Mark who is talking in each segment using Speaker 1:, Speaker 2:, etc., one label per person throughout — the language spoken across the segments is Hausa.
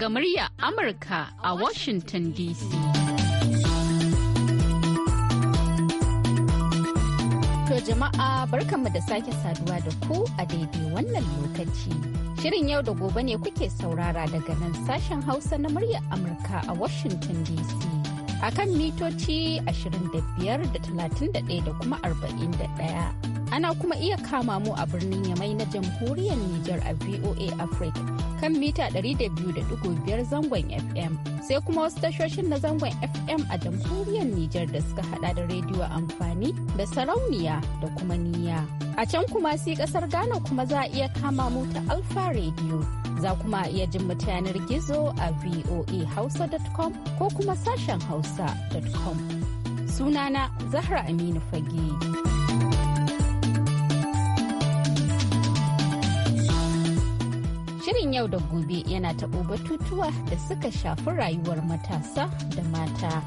Speaker 1: daga murya Amurka a Washington DC. To jama'a barkanmu da sake saduwa da ku a daidai wannan lokaci. Shirin yau da gobe ne kuke saurara daga nan sashen Hausa na murya Amurka a Washington DC. A kan mitoci 25 da 31 da kuma 41. Ana kuma iya kama mu a birnin Yamai na jamhuriyar Nijar a VOA Africa. kan mita 200.5 zangon FM sai kuma wasu tashoshin na zangon FM a jamhuriyar Nijar da suka hada da rediyo amfani da sarauniya da kuma niya. A can kuma si kasar Ghana kuma za a iya kama mu ta Alfa Radio. Za kuma a iya jin mu yanar gizo a voahausa.com ko kuma sashen hausa.com. Sunana Zahra Aminu Fage. yau da gobe yana taɓo batutuwa da suka shafi rayuwar matasa da mata.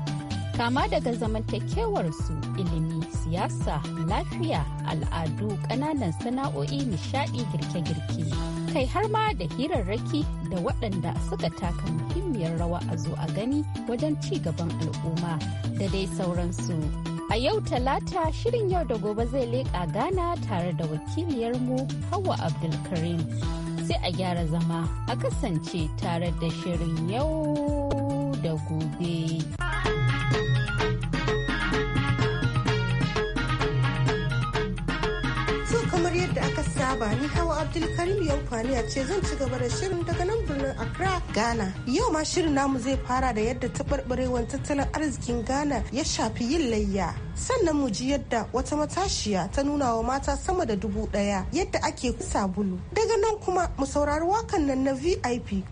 Speaker 1: Kama daga zamantakewarsu ilimi, siyasa, lafiya, al'adu, ƙananan sana'o'i, nishaɗi, girke-girke. Kai har ma da hirarraki da waɗanda suka taka muhimmiyar rawa a zo a gani wajen ci gaban al'umma da dai sauransu. A yau talata shirin yau da gobe zai leƙa gana tare da wakiliyarmu hawa Abdulkarim. sai a gyara zama a kasance tare da shirin yau da gobe.
Speaker 2: kamar yadda aka saba ni hawa abdulkarim yau kwaliya ce zan ci gaba da shirin daga nan birnin accra ghana yau ma shirin namu zai fara da yadda taɓarɓarewar tattalin arzikin ghana ya shafi yin layya sannan mu ji yadda wata matashiya ta nuna wa mata sama da dubu ɗaya yadda ake sabulu daga nan kuma mu saurari wakan nan na vip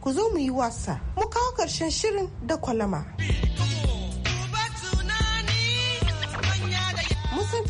Speaker 2: ku zo mu yi wasa mu kawo ƙarshen shirin da kwalama.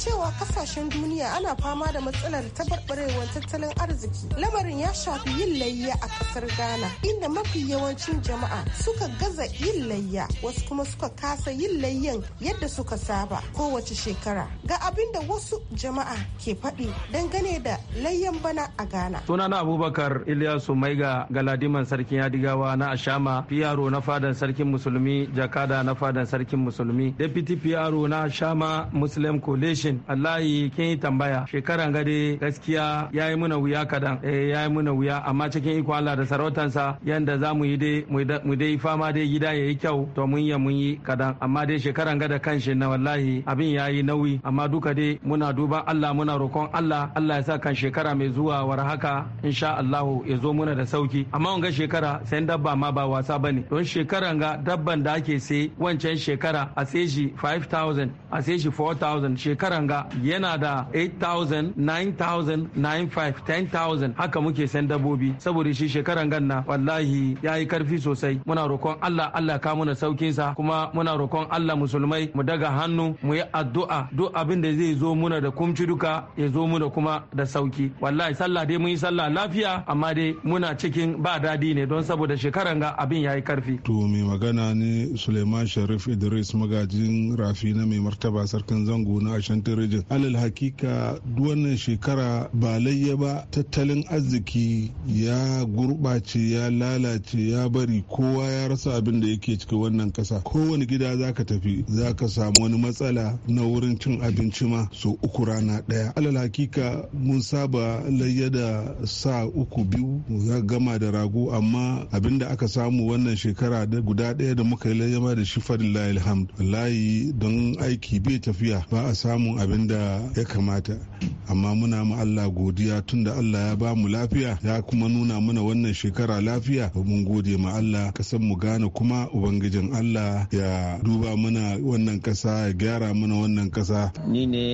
Speaker 2: cewa kasashen duniya ana fama da matsalar taɓarɓarewar tattalin arziki lamarin ya shafi yin layya a ƙasar ghana inda mafi yawancin jama'a suka gaza yin layya wasu kuma suka kasa yin layyan yadda suka saba kowace shekara ga abin da wasu jama'a ke faɗi dangane da layyan bana a ghana
Speaker 3: sunana abubakar ilyasu ga galadiman sarkin yadigawa na ashama piyaro na fadan sarkin musulmi jakada na fadan sarkin musulmi deputy piyaro na ashama muslim coalition lokacin wallahi kin yi tambaya shekaran gade gaskiya ya yi muna wuya kadan eh, ya yi muna wuya amma cikin iko Allah da sarautansa yanda za mu yi dai mu dai fama dai gida ya yi kyau to mun ya mun yi kadan amma dai shekaran gada kanshi na wallahi abin ya yi nauyi amma duka dai muna duba Allah muna roƙon Allah Allah ya sa kan shekara mai zuwa war haka insha Allah ya zo muna da sauki amma wanga shekara sai dabba ma ba wasa bane don shekaran ga dabban da ake sai wancan shekara a sai shi 5000 a sai shi 4000 shekaran ganga yana da 8,000 9,000 9,500 10,000 haka muke san dabbobi saboda shi shekaran ganna wallahi ya yi karfi sosai muna roƙon Allah Allah ka muna saukinsa kuma muna roƙon Allah musulmai mu daga hannu mu yi addu'a duk abin da zai zo muna da kumci duka ya zo muna kuma da sauki wallahi sallah dai mun yi sallah lafiya amma dai muna cikin ba dadi ne don saboda shekaran ga
Speaker 4: abin ya yi karfi. To mai magana ne Suleiman Sharif Idris magajin rafi na mai martaba sarkin zango na Ashanti darajar alal hakika wannan shekara ba layya ba tattalin arziki ya gurɓace ya lalace ya bari kowa ya rasa abin da yake cikin wannan ƙasa kowane gida za ka tafi za ka samu wani matsala na wurin cin abinci ma so uku rana ɗaya alal hakika mun saba layya da sa uku biyu za gama da rago amma abin da aka samu wannan shekara da guda ɗaya da muka yi ma da shi fadillahi layi don aiki bai tafiya ba a samun abin da ya kamata amma muna ma Allah godiya tun da Allah ya ba mu lafiya ya kuma nuna mana wannan shekara lafiya mun gode ma Allah kasan mu gane kuma ubangijin Allah ya duba mana wannan kasa ya gyara mana wannan kasa
Speaker 3: ni ne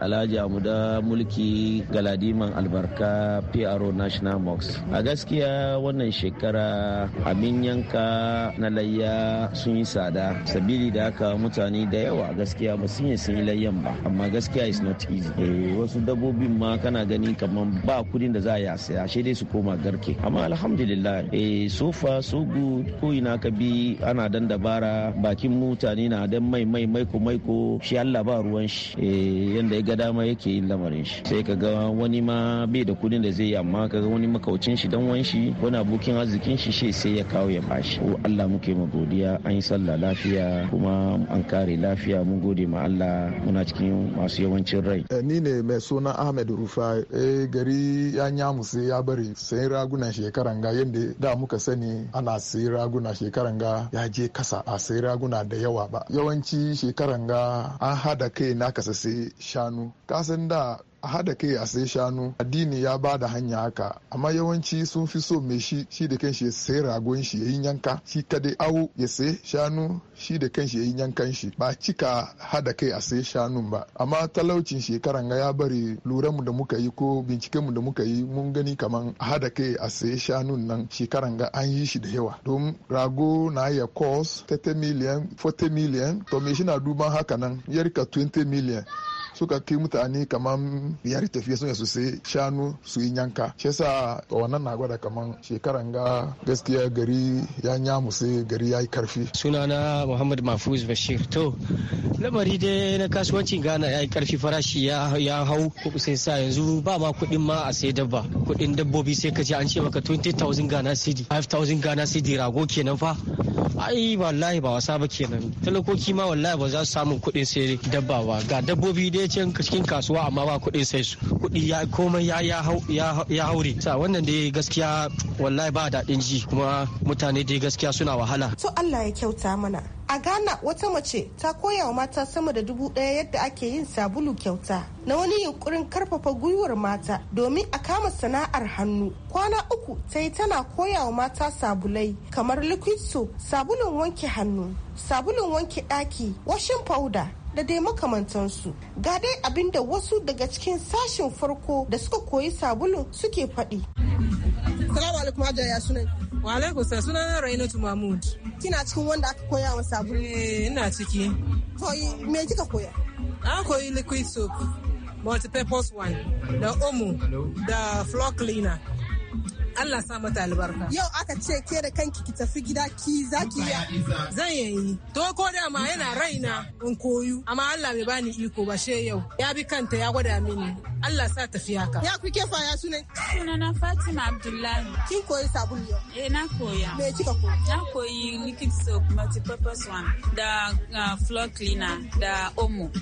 Speaker 3: Alhaji Amuda mulki Galadiman albarka PRO National Mox a gaskiya wannan shekara abin yanka na layya sun yi tsada sabili da haka mutane da yawa gaskiya ba sun yi sun yi layyan ba amma gaskiya is not easy eh, wasu dabbobi ma kana gani kamar ba kudin da za a saya shi dai su koma garke amma alhamdulillah eh so far so good ko ina ka bi ana dan dabara bakin mutane na dan mai mai maiko maiko shi Allah ba ruwan shi eh, yanda ya ga dama yake yin lamarin shi sai ka ga wani ma bai da kudin da zai yi amma ka ga wani makaucin shi dan wan shi wani abokin arzikin shi shi sai ya kawo ya bashi ko Allah muke mu godiya an yi sallah lafiya kuma an kare lafiya mun gode ma Allah muna cikin masu yawancin rai.
Speaker 5: Eh, ni ne mai suna Ahmed Rufa eh gari ya sai ya bari sayin raguna shekaran ga yadda da muka sani ana sayi raguna shekaran ga ya je kasa a sayi raguna da yawa ba. Yawanci shekaran ga an hada kai na kasa sai shanu. Kasan da a haɗa kai a sai shanu addini ya ba da hanya haka amma yawanci sun fi so mai shi shi da kanshi ya sai ragon shi yayin yanka shi dai au ya sai shanu shi da kanshi yayin yankan shi ba cika haɗa kai a sai shanun ba amma talaucin shekaran ga ya bari lura mu da muka yi ko binciken mu da muka yi mun gani kaman a haɗa kai a sai shanun nan shekaran ga an yi shi da yawa don rago na ya cost 30 million 40 million to me shi na duban haka nan ya rika 20 million suka kai mutane kamar biyar tafiya suna su sai shanu su yi yanka shi yasa wannan na gwada kamar shekaran ga gaskiya gari ya nyamu sai gari ya yi karfi sunana muhammad mafuz bashir to
Speaker 3: lamari dai na kasuwanci gana ya yi karfi farashi ya hau sai sa yanzu ba ma kuɗin ma a sai dabba kuɗin dabbobi sai ka ce an ce maka 20,000 ghana cedi 5,000 ghana cedi rago kenan fa ai wallahi ba wasa ba kenan talakoki ma wallahi ba za su samu kuɗin sai dabba ba ga dabbobi dai can cikin kasuwa amma ba kuɗin sai su kuɗi ya komai ya ya haure sa wannan dai gaskiya wallahi ba daɗin ji kuma mutane dai gaskiya suna wahala to
Speaker 2: Allah ya kyauta mana A Ghana wata mace ta koya wa mata sama da dubu ɗaya yadda ake yin sabulu kyauta na wani yunkurin karfafa gwiwar mata domin a kama sana'ar hannu. Kwana uku ta yi tana koya wa mata sabulai kamar liquid soap, sabulun wanke hannu, sabulun wanke ɗaki, washin powder, da dai makamantansu ga dai abinda wasu daga cikin sashen farko da suka koyi sabulu suke faɗi. Salamu alaikum Hajar ya sunan.
Speaker 6: Wa alaikum sai sunan Rainatu Mahmud. Kina
Speaker 2: cikin wanda aka koya wa sabulu? Eh ina ciki. To me kika koya?
Speaker 6: Na koyi liquid soap, multi-purpose one, da omo, da floor cleaner. Allah sa mata albarka.
Speaker 2: Yau aka ce ke da kanki ki tafi gida ki za ki yi.
Speaker 6: Zan yi. To ko da ma yana raina in koyu amma Allah bai bani iko ba she yau. Ya bi kanta ya gwada mini Allah sa tafi haka. Ya ku fa ya sunan? Sunana
Speaker 1: Fatima Abdullahi. Kin koyi sabulu yau? Eh na koya. Me kika
Speaker 6: koya? Na koyi liquid soap multi-purpose one da uh, floor cleaner
Speaker 1: da omo.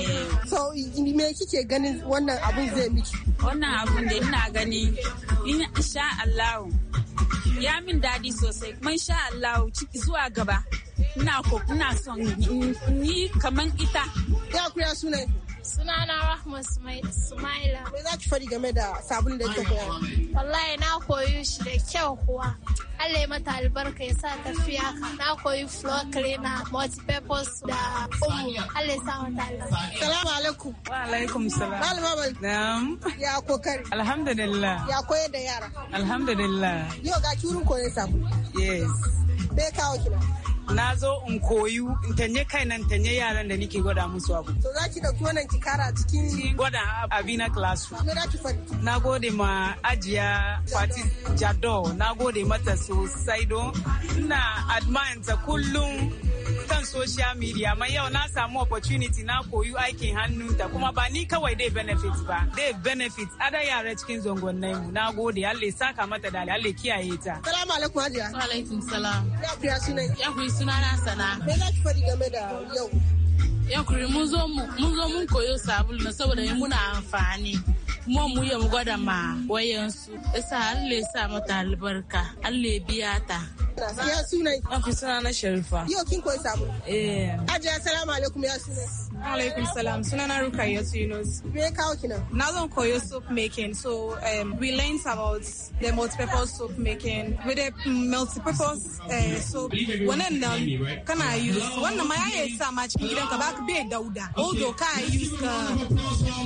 Speaker 6: Eh.
Speaker 2: So me kike ganin wannan abun zai miki?
Speaker 1: Wannan abun da ina gani insha Allah ya min daɗi sosai kuma sha Allah zuwa gaba ina ko ina son ni kaman ita. Ya ya sunan?
Speaker 6: Sunana Rahma Sumaila. Me za ki fari game da sabon da ta koya? Wallahi na koyi shi da kyau kuwa. Allah ya mata albarka ya sa tafiya ka. Na koyi floor cleaner, multi-purpose da umu. Allah ya sa mata albarka. Salamu alaikum. Wa
Speaker 7: alaikum salam. Malama bal. Na'am. Ya kokari. Alhamdulillah.
Speaker 6: Ya
Speaker 2: koyar da yara.
Speaker 7: Alhamdulillah.
Speaker 2: Yau ga ki wurin koyon sabon. Yes. Bai kawo ki
Speaker 7: na zo in koyu in tanye nan tanye yaran da nake gwada musu abu. To za ki dauki wannan ki a cikin gwada abi na classroom. Na gode ma ajiya Fati Jado, na gode mata sosai don ina admire kullum kan social media amma yau na samu opportunity na koyu aikin hannunta kuma ba ni kawai dai benefit ba dai benefit ada yara cikin zongonnai mu na gode Allah saka mata da Allah kiyaye ta
Speaker 6: assalamu alaikum hajiya wa alaikum salam ya kuya suna ya kuya na sana me ki faɗi game da yau kuri mun zo mun koyo sabulu na saboda muna amfani kuma mu gwada ma wayansu isa Allah ya sa mata albarka Allah ya biya ta ya suna suna na sharifa yau kin koyi samu eh assalamu alaikum ya suna alaikum salam suna na ruka ya yunus me kawo kina na zan koyo making so um, we learned about the multi-purpose making with eh, the multi-purpose uh, use sa ma cikin ba ka dauda ka use ka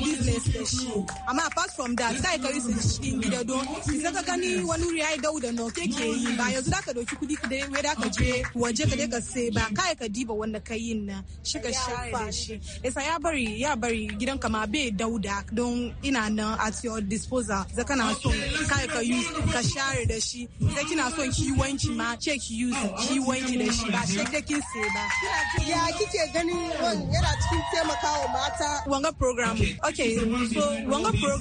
Speaker 6: business amma apart from that sai ka yi su cikin gida don k'i ka gani wani wuri ai dauda no ke ke yi ba yanzu da ka dauki kudi kudi wai da ka je waje ka je ka sai ba kai ka diba wanda ka yin na shi ka shafa shi yasa ya bari ya bari gidan ka ma be dauda don ina nan at your disposal za kana so kai e ka use ka share da shi sai kina son ki wanki ma ce ki use ki wanki da shi ba sai da kin sai ba
Speaker 2: ya kike ganin yana cikin
Speaker 6: taimakawa mata wanga program okay so wanga program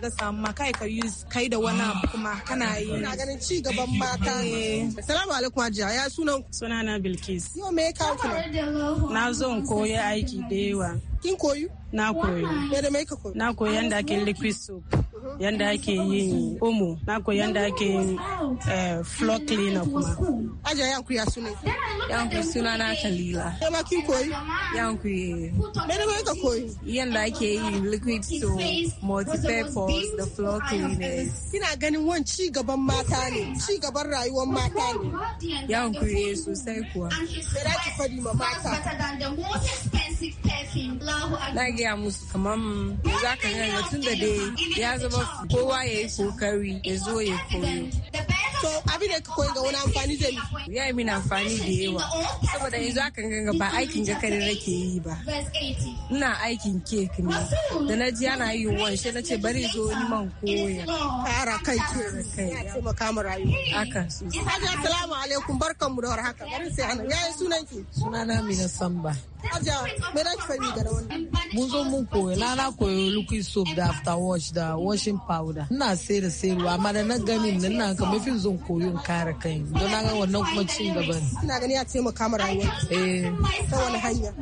Speaker 6: na ga samu ma kai ka use kai da wani abu kuma kana yi ina ganin ci gaban mata eh. assalamu alaikum hajiya ya sunan sunana bilkis yau me ya kawo na zo koyi aiki da yawa kin koyu na koyi na koyi yanda ake liquid soap yanda ake yin omo na koyi yanda ake yin eh, floor cleaner kuma aja yanku ya suna yanku suna na kalila yaba kin koyi yanku ye mene mai ka koyi yanda ake
Speaker 2: yin liquid soap multi-purpose da floor cleaners kina ganin wan ci gaban mata ne ci gaban rayuwar mata ne yanku ye sosai kuwa da ki fadi ma mata na gaya musu kamar za ka gani tun da dai ya zama kowa ya yi kokari ya zo ya koyo to abin da ka koyi ga wani amfani zai yi ya yi min amfani da yawa saboda yanzu akan ganga ba aikin ga kare rake yi ba ina aikin kek ne da na ji ana yi wa shi na ce bari zo ni man koya kara kai ke kai ya ce makamu rayu haka su hajiya assalamu alaikum mu da Haka bari sai ana yayin sunan
Speaker 6: ki sunana mina samba hajiya me da ki fahimi da wannan mun zo mun koya, na na koyi liquid soap da after wash da washing powder ina sai da sayarwa amma da na ganin nan na kamar fin zo zan koyon kare kai don na wannan kuma ci gaba ne ina gani ya taimaka ma rayuwar eh ta wani hanya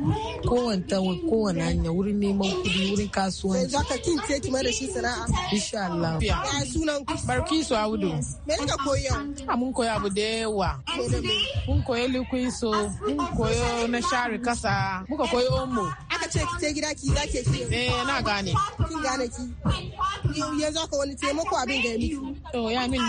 Speaker 6: kowane hanya wurin neman wurin kasuwanci kin ce ki da shi sana'a insha Allah ya sunan ku barki su audu me kika koyo a ah, mun koyi abu da yawa mun likwiso mun koyo
Speaker 7: na share kasa
Speaker 6: muka koyi omo aka ce ki gida ki za ke ki eh
Speaker 2: na gane kin gane ki yanzu aka wani taimako abin da ya miki to ya min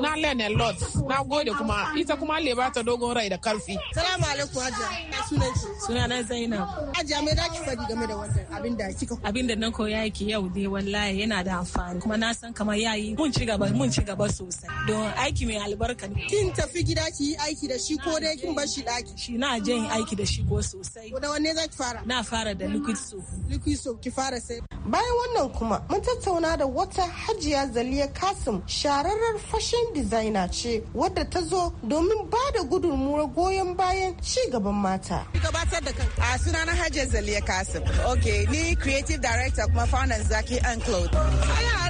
Speaker 2: na
Speaker 7: learn a lot na gode kuma ita kuma Allah ba ta dogon rai da karfi
Speaker 2: salamu alaikum
Speaker 6: hajiya sunan ki sunana zainab hajiya me da ki faɗi game da wannan abin da kika abin da nan koya yake yau dai wallahi yana da amfani kuma na san kamar yayi mun ci gaba mun ci gaba sosai don aiki
Speaker 2: mai albarka kin tafi gida ki yi aiki da shi ko dai kin bar shi daki shi na
Speaker 6: je yin aiki da shi ko sosai da wanne za ki fara na fara da liquid soap
Speaker 2: liquid soap ki fara sai bayan wannan kuma mun tattauna da wata hajiya zaliya kasim shararrar fashion designer ce wadda ta zo domin ba da gudunmuwar goyon bayan ci gaban mata
Speaker 7: gabatar da kan a sunana hajiya zaliya kasim okay ni creative director kuma founder zaki and cloth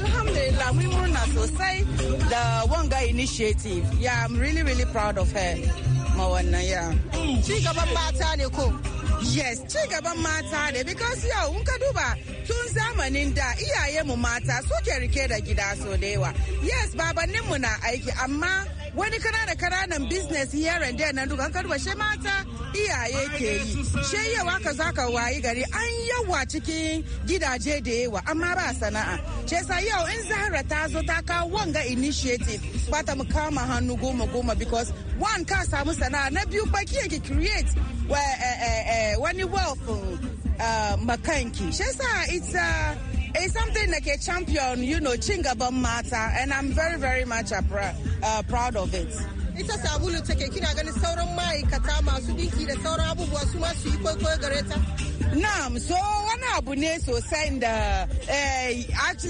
Speaker 7: alhamdulillah mun murna sosai da wanga initiative yeah i'm really really proud of her ma wannan ya
Speaker 5: ci gaban mata
Speaker 7: ne ko Yes, ci gaban mata ne because yau in ka duba tun zamanin da iyayenmu mata suke rike da gida so da yawa. Yes, babanninmu na aiki amma wani da kananan business here and there nan dukan karba she mata iyaye ke yi she yawa ka zaka wayi gari an yawa cikin gidaje da yawa amma ba sana'a she sa yau in zahra ta zo ta kawo wanga initiative ta mu kama hannu goma goma because one ka samu sana'a na biyu ba ki create eh, eh, eh, wani wealth makanki she sa it's uh, It's something like a champion, you know, Chingabon Mata, and I'm very, very much uh, proud
Speaker 2: of it. ita sabulu take kina ganin sauran ma'aikata masu dinki da sauran abubuwa su ma yi kwaikwayo gare ta
Speaker 7: Na'am, so wani abu ne sosai da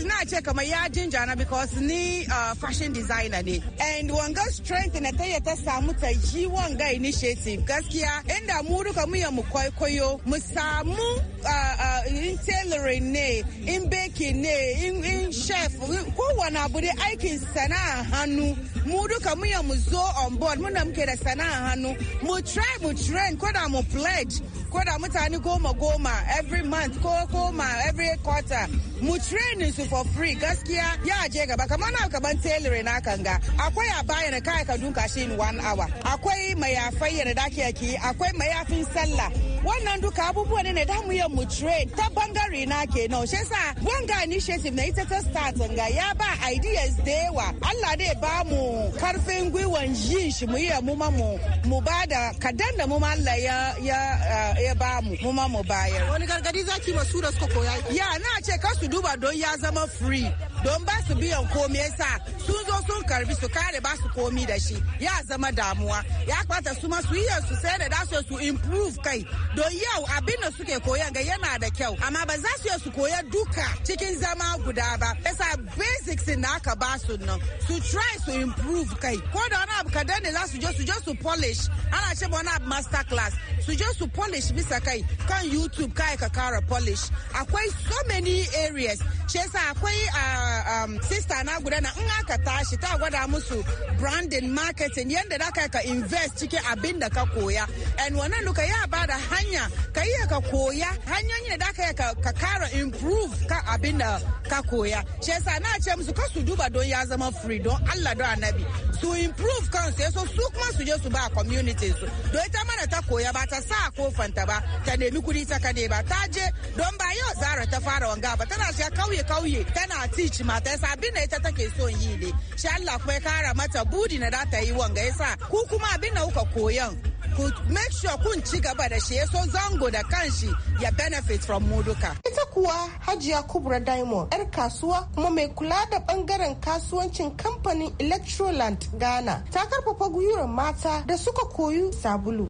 Speaker 7: na ce kamar ya jinja na because ni uh, fashion designer ne. And wanga strength na taya ta samu ta yi wanga initiative gaskiya inda mu duka mu mu kwaikwayo mu samu uh, in tailoring ne in baking ne in chef kowane abu dai aikin sana'a hannu mu duka muya mu zo on board muna muke da sana'a hannu mu try mu train ko da mu pledge ko da mutane goma goma every month ko goma every quarter mu training su for free gaskiya ya je gaba kamar na kaban tailoring na kanga akwai a na kai ka dunka shi in one hour akwai mai afayya da ki akwai mayafin sallah wannan duka abubuwa ne da mu yi mu train ta bangare na kenan shi sa wanga initiative na ita ta start ga ya ba ideas da yawa Allah dai ba mu karfin gwiwan yin shi mu yi mu ma mu mu ba da kadan da mu ma Allah ya uh, ba mu mu ma mu bayar wani gargadi zaki masu da suka koya ya na ce kar su duba don ya zama free don ba su biyan komi yasa sun zo sun karbi su kare ba su komi da shi ya zama damuwa ya kwata su ma su yi su sai da dasu su improve kai don yau abin da suke koyan ga yana da kyau amma ba za su su koya duka cikin zama guda ba yasa basics na aka ba su nan su try su improve kai ko da wani abu kadan ne za su je su je su polish ana ce wani abu master class su je su polish bisa kai kan youtube kai ka kara polish akwai so many areas shi yasa akwai ah, Um, sista na guda na in aka tashi ta gwada musu branding marketing yadda da ka invest cikin abin da ka koya and wannan duka ya ba da hanya ka iya ka koya hanyoyin da ka ka kara improve ka abin da ka koya shi yasa na ce musu ka su duba don ya zama free don Allah don annabi su improve kansu yaso su kuma su je su ba community su don ita mana ta koya ba ta sa kofanta ba ta nemi kudi ta kade ba ta je don ba yau zara ta fara wanga ba tana shi kauye kauye tana teach shi yasa abin da ita take son yi ne shi Allah kuma ya kara mata budi na data yi wanga yasa ku kuma abin da kuka koyan ku make sure kun ci gaba da shi yaso zango da kanshi ya benefit from mu duka
Speaker 2: ita kuwa Hajiya Kubra Diamond yar kasuwa kuma mai kula da bangaren kasuwancin kamfanin Electroland Ghana ta karfafa gwiwar mata da suka koyu sabulu.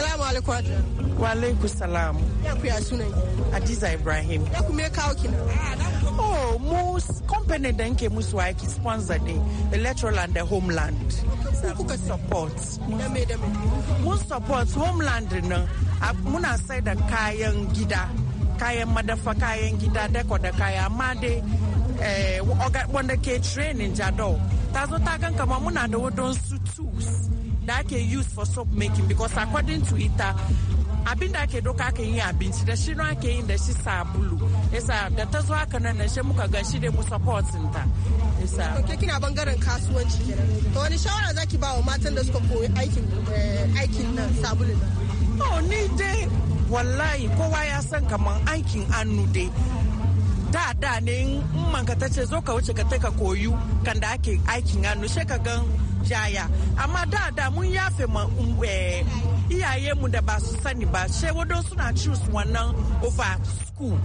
Speaker 8: Assalamu alaikum Wa alaikum salam. Ya ku ya sunan Adiza Ibrahim. Ya ku me kawo kina? Ah, oh, mu company da nke musu aiki sponsor ne electoral and the homeland. Kuka support. Dame dame. Mun support homeland nan muna sai da kayan gida. Kayan madafa kayan gida dako da kaya amade Eh, wanda ke training jado ta zo ta gan kama muna da wadon su tools da ake use for soap making because according to ita abin da ake doka aka yi abinci da shi ake yi da shi sabulu yasa da ta zo haka nan shi muka gan shi dai mu supporting ta yasa ke kina bangaren kasuwanci kenan to wani shawara zaki ba wa matan da suka koyi aikin eh, aikin nan sabulu nan oh ni dai wallahi kowa ya san kaman aikin annu dai da da ne in manka ta ce zo ka wuce ka ta ka koyu kan da ake aikin hannu sai ka gan jaya amma da da mun yafe ma um, eh, iyaye mu da ba su sani ba shewodo suna choose wannan over school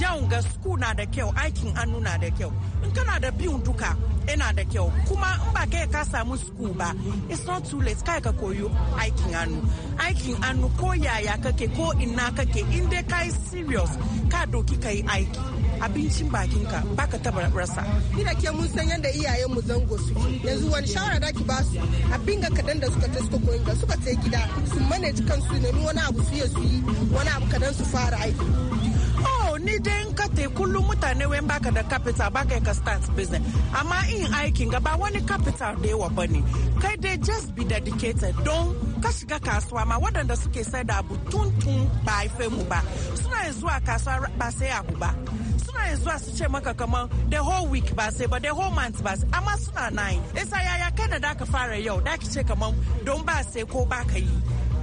Speaker 8: yau ga school na da kyau aikin hannu na da kyau in kana da biyun duka yana da kyau kuma in ba kai ka samu school ba it's not too late kai ka koyo aikin hannu aikin hannu ko yaya kake ko ina kake inda dai kai serious ka doki kai aiki abincin bakinka baka taba rasa ni da ke mun san yadda iyayen mu zango su yanzu
Speaker 2: wani shawara da ki ba su abin ga kadan da suka ta suka koyi ga suka ce gida su manage kansu ne
Speaker 8: wani abu su yi su yi wani abu kadan su fara aiki oh, ni dai in ka te kullum mutane wen baka da capital baka ka start business amma in aikin gaba wani capital da yawa bane kai dai just be dedicated don ka shiga kasuwa ma waɗanda suke sai da abu tun tun ba haife mu ba suna zuwa kasuwa ba sai abu ba yanzu a su ce maka kaman the whole week ba sai ba the whole month ba sai amma suna nine isa yaya kai da ka fara yau da ki ce kaman don ba sai ko ba ka yi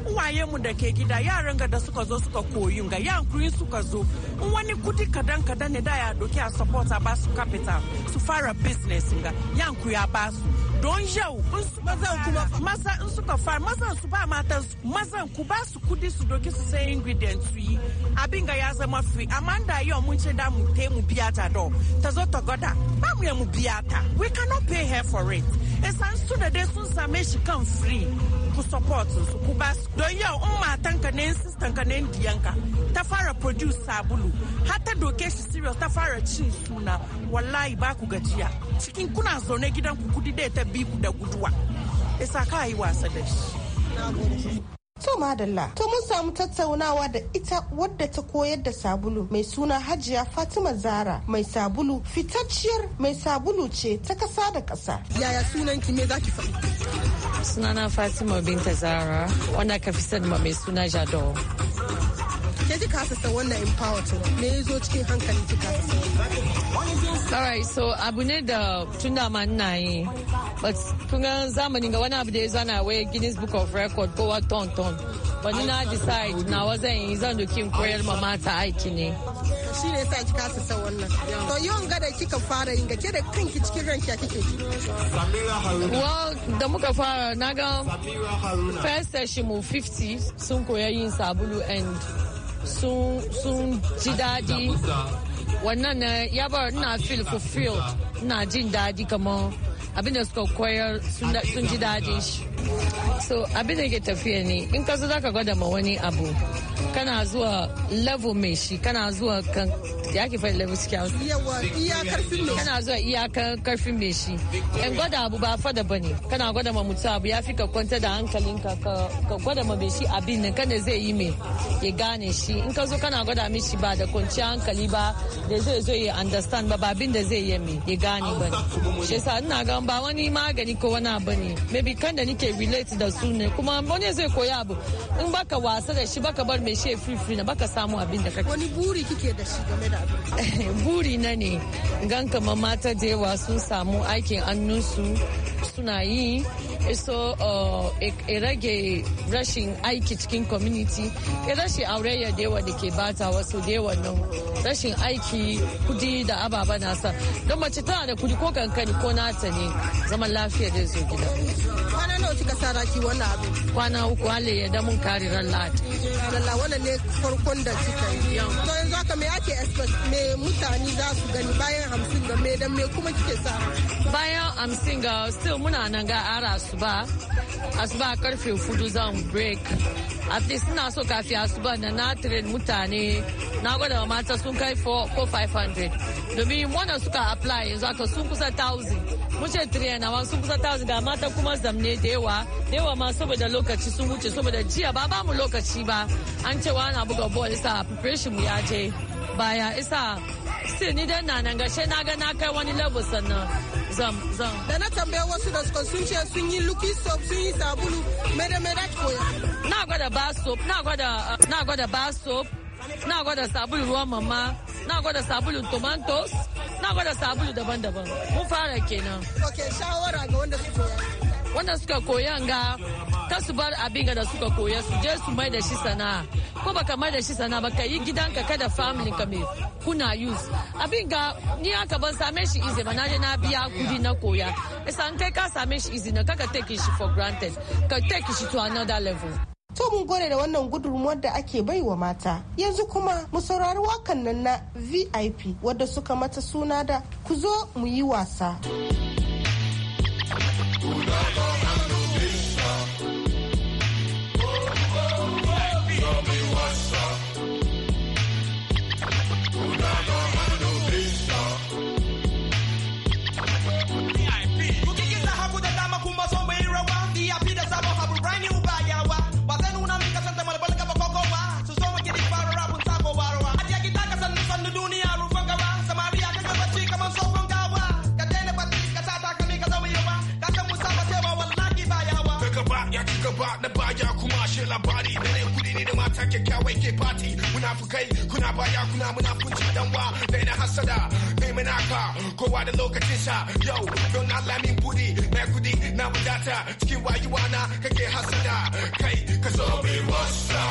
Speaker 8: uwaye mu da ke gida yaran ga da suka zo suka koyi ga yankuri suka zo in wani kudi kadan kadan ne da ya doki a supporter ba su capital su fara business ga yankuri ya ba su don yau in su kuma in suka fara su ba matan su ku ba su kudi su doki su sai ingredients su yi abin ga ya zama free yau mun ce da mu te mu biya ta do ta zo ta ba mu mu biya ta we cannot pay her for it esan su da dai sun same shi kan free ku support su ku ba su don yau in ka ne ka ne diyanka ta fara produce sabulu har ta doke shi serious ta fara cin suna wallahi ba ku gajiya cikin kuna zaune gidan ku kudi dai ta bi ku da guduwa isa ka yi wasa da shi
Speaker 2: To madalla, to mun samu tattaunawa da ita wadda ta koyar da sabulu mai suna Hajiya Fatima Zara mai sabulu fitacciyar mai sabulu ce ta kasa da kasa.
Speaker 9: Yaya sunanki me zaki faɗi? Sunana Fatima Binta Zara wanda ka fi sani mai suna Jado.
Speaker 2: Ke ji kasa wannan empower me ya zo cikin hankali ki
Speaker 9: kasa Alright, so abu ne da tunda ma ina yi but kuma zamani ga wani abu da ya na waya guinness book of record wa ton ton wani na decide na wazan yi zan dokin koyar ma mata aiki ne
Speaker 2: shi ne sa ki kasa sa
Speaker 9: wannan to yawan gada kika fara yin gake da kanki cikin ranki a kike well da muka fara na ga first session mu 50 sun koya yin sabulu and sun ji dadi wannan ya bar ina feel fulfilled ina jin dadi kamar abinda suka koyar sun ji daɗin shi so abin da ke tafiya ne in ka zo zaka gwada ma wani abu kana zuwa level mai shi kana zuwa kan ya ke fadi level suke kana zuwa iyakar karfin mai shi in gwada abu ba fada bane kana gwada ma mutu abu ya fi ka kwanta da hankalin ka ka gwada ma mai shi abin nan kana zai yi mai ya gane shi in ka zo kana gwada mishi ba da kwanciyar hankali ba da zai zo ya understand ba ba abin da zai yi mai ya gane ba shi yasa ina ga ba wani magani ko wani abu ne maybe kan da nike relate da su ne kuma wani zai koya abu in baka wasa da shi baka bar mai shi free free na baka samu abin da kake wani
Speaker 2: buri kike da shi game da
Speaker 9: abin buri na ne gan kamar mata da yawa sun samu aikin annunsu suna yi so ya e, e rage rashin aiki cikin community e, ya rashin aurayya da yawa da ke bata wasu da yawa nan rashin aiki kudi da ababa nasa don mace tana da kudi ko kankani ko nata ne zaman lafiya da zo
Speaker 6: gida
Speaker 2: nawa kika sa raki wannan abu kwana uku wale ya damun kari ran lati wannan ne farkon da kika yi to yanzu haka me ake expect me mutane za su gani bayan hamsin ga me dan me kuma kike sa
Speaker 9: bayan hamsin ga still muna nan ga ara su ba asuba karfe hudu zan break at least ina so kafi asuba na na trade mutane na gwada wa mata sun kai 4 ko 500 domin wannan suka apply yanzu aka sun kusa 1000 mu ce sun kusa 1000 ga mata kuma zamne da yawa da yawa ma saboda lokaci sun wuce saboda jiya ba ba mu lokaci ba an cewa ana buga ball isa preparation mu ya je baya isa sai ni dan na nan gashe na ga na kai wani level sannan zam zam da na tambaye wasu da suka sun ce sun yi luki soap sun yi sabulu mere mere koya na gwada ba soap na gwada na gwada ba soap na gwada sabulu ruwan mama na gwada sabulu tomatoes na gwada sabulu daban-daban mun fara kenan ok shawara ga wanda su koya wanda suka koyan ga ta su bar abin da suka koya su je su mai da shi sana'a ko baka mai da shi sana'a ba ka yi gidanka kada family ka mai kuna use abin ga ni aka ban same shi izi ba na je na biya kudi na koya isan kai ka same shi izi na kaka take shi for granted ka take shi to another level
Speaker 2: To mun gode da wannan gudunmuwar da ake bai wa mata. Yanzu kuma mu saurari wakan nan na VIP wadda suka mata suna da ku zo mu yi wasa. Unabo.
Speaker 10: kyakkyawai ke fati munafukai kuna baya kuna munafunci dan wa dai na hasada kai ka kowa da lokacin sa yau don Allah min budi na kudi na wadata cikin wayuwa na kake hasada kai ka so me wasa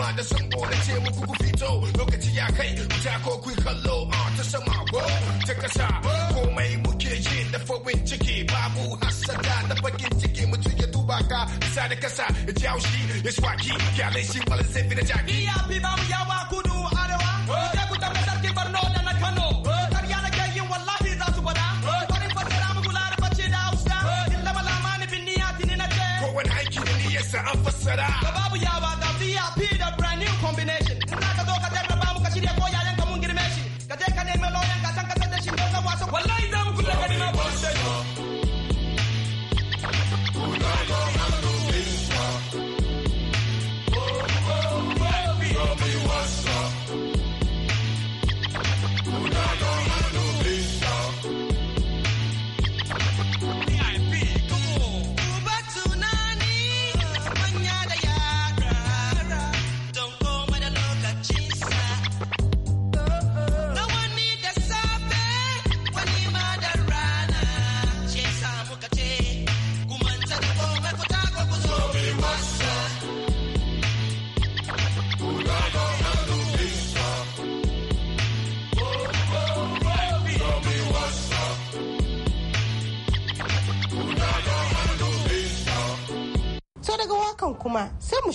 Speaker 10: ma da san ce muku ku fito lokaci ya kai ta ko ku kallo a ta sama ko ta kasa komai muke yi da ciki babu asada da bakin ciki mutum ya duba ka
Speaker 8: isa da kasa ya ji haushi ya shi waki kyalai shi malin zai fi na jaki. Iya e bi babu yawa kudu arewa.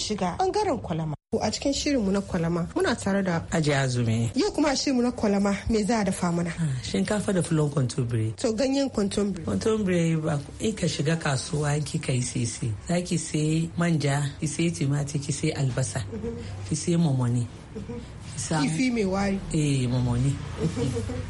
Speaker 2: shiga bangaren kwalama. A cikin shirinmu na kwalama muna tare da
Speaker 11: Aji Azumi.
Speaker 2: Yau kuma a shirinmu na kwalama me za a dafa mana? Ah,
Speaker 11: shinkafa da filon kwantumbiri. To ganyen kwantumbiri. Kwantumbiri ba in ka shiga kasuwa ki kai sisi. Za ki sai manja, ki sai timati, ki sai albasa, mhm. ki sai momoni. kifi mai wari eh mamoni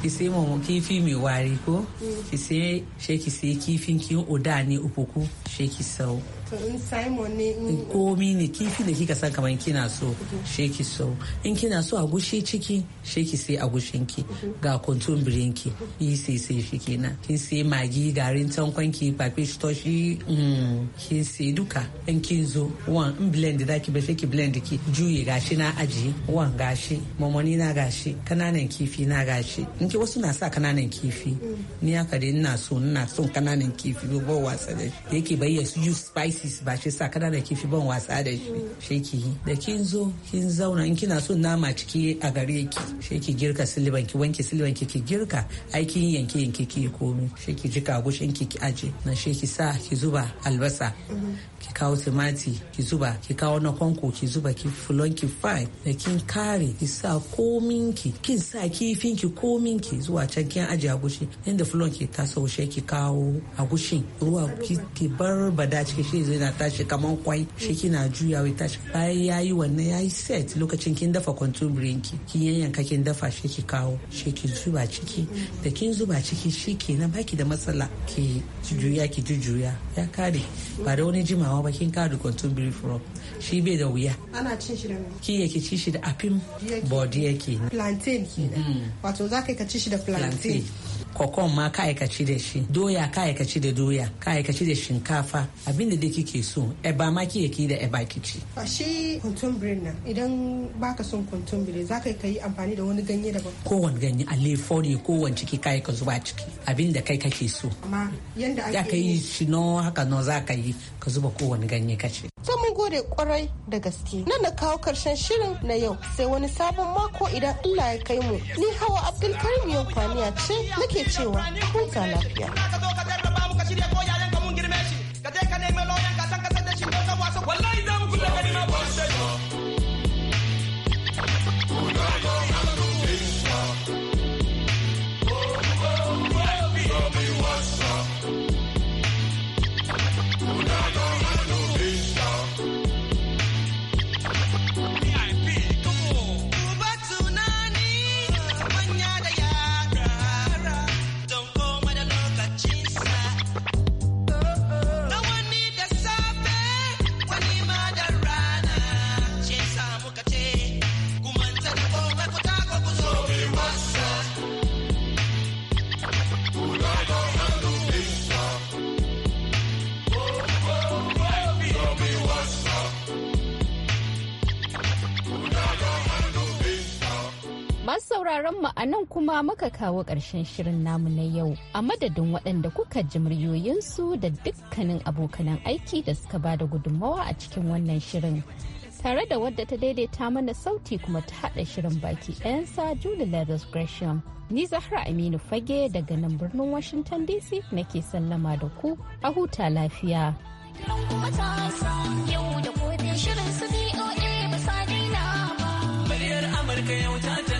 Speaker 11: ki sai mamon kifi mai wari ko mm. ki sai she ki sai kifin kin oda ne ukuku she ki sau
Speaker 2: in simon
Speaker 11: ne in komi ne kifi da kika san kamar kina so sheki so in kina so a gushe ciki sheki sai a gushen ki ga kuntun birin ki yi sai sai shi kenan kin sai magi garin tankon ki papi shi mm, kin sai duka in kin zo wan in blend da ki ba sheki blend ki juye gashi na aji wan gashi mamoni na gashi kananan kifi na gashi in ki wasu na sa kananan kifi mm. ni haka dai ina so ina so kananan kifi ba wasa da yake bayyana su use spicy kifi ba shi sa kanana kifi ban wasa da shi shi ki da kin zo kin zauna in kina son nama ciki a gare ki shi ki girka siliban ki wanke siliban ki ki girka aikin yanke yanke ki komi shi ki jika gushin ki ki aje na shi ki sa ki zuba albasa ki kawo tumati ki zuba ki kawo na kwanko ki zuba ki fulon ki fry da kin kare ki sa komin ki sa kifin ki komin ki zuwa can kin aje agushi inda fulon ki ta saushe ki kawo agushin ruwa ki bar bada ciki shi zai na tashi kamar kwai shi kina juyawa tashi bayan yayi wannan yayi set lokacin kin dafa kwantumirin ki kin yanyanka kin dafa shi ki kawo shi ki zuba ciki da kin zuba ciki shi na baki da matsala ki juya ki jujuya ya kare ba da wani jimawa nawa ba kin kawo rikwancin biri from shi bai da wuya
Speaker 6: ana cin shi da me
Speaker 11: ki yake ci shi da afin body yake plantain kenan mm-hmm. wato za ka ci shi da plantain kokon ma ka aikaci da shi doya ka aikaci da doya ka aikaci da shinkafa abinda da ke so ba ma ki yake da ki ci
Speaker 2: a shi kuntumbirin na? idan baka son kuntumbiri za ka yi amfani da wani ganye daban
Speaker 11: wani ganye alefo ne wani ciki ka ka zuba ciki abinda kai kake so
Speaker 2: amma yanda ake yi shi
Speaker 11: no haka no za ka yi ka zuba ko wani ganye kace
Speaker 2: gode kwarai da gaske. Nan na kawo karshen shirin na yau sai wani sabon mako idan Allah ya kai mu. Ni hawa Abdulkarim yau faniya ce nake cewa huta
Speaker 10: lafiya.
Speaker 1: sauraron mu a nan kuma muka kawo ƙarshen shirin namu na yau a madadin waɗanda kuka ji muryoyinsu da dukkanin abokanan aiki da suka ba da gudunmawa a cikin wannan shirin tare da wadda ta daidaita mana sauti kuma ta haɗa shirin baki ɗayansa Julie Leathers Gresham. Ni Zahra Aminu Fage daga nan birnin Washington DC nake sallama da ku a huta lafiya. Yau da shirin su ba sa daina
Speaker 8: ba. Amurka
Speaker 11: yau ta